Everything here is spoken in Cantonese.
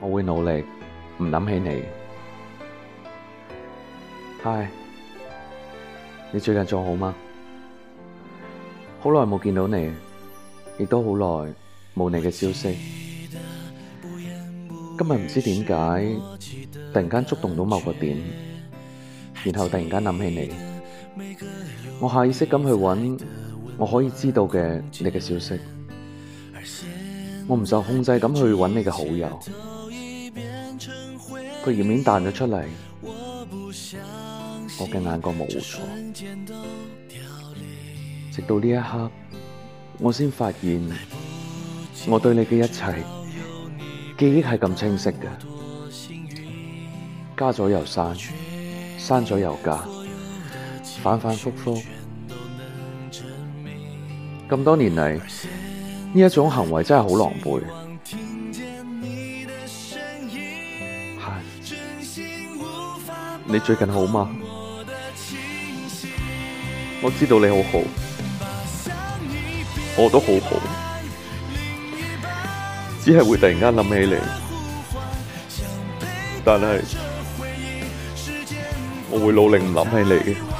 我會努力唔諗起你。Hi，你最近仲好嗎？好耐冇見到你，亦都好耐冇你嘅消息。今日唔知點解，突然間觸動到某個點，然後突然間諗起你，我下意識咁去揾我可以知道嘅你嘅消息，我唔受控制咁去揾你嘅好友。個頁面彈咗出嚟，我嘅眼角模糊咗。直到呢一刻，我先發現我對你嘅一切記憶係咁清晰嘅，加咗又刪，刪咗又加，反反复复。咁多年嚟，呢一種行為真係好狼狽。你最近好嗎？我知道你好好，我都好好，只係會突然間諗起你，但係我會努力諗起你嘅。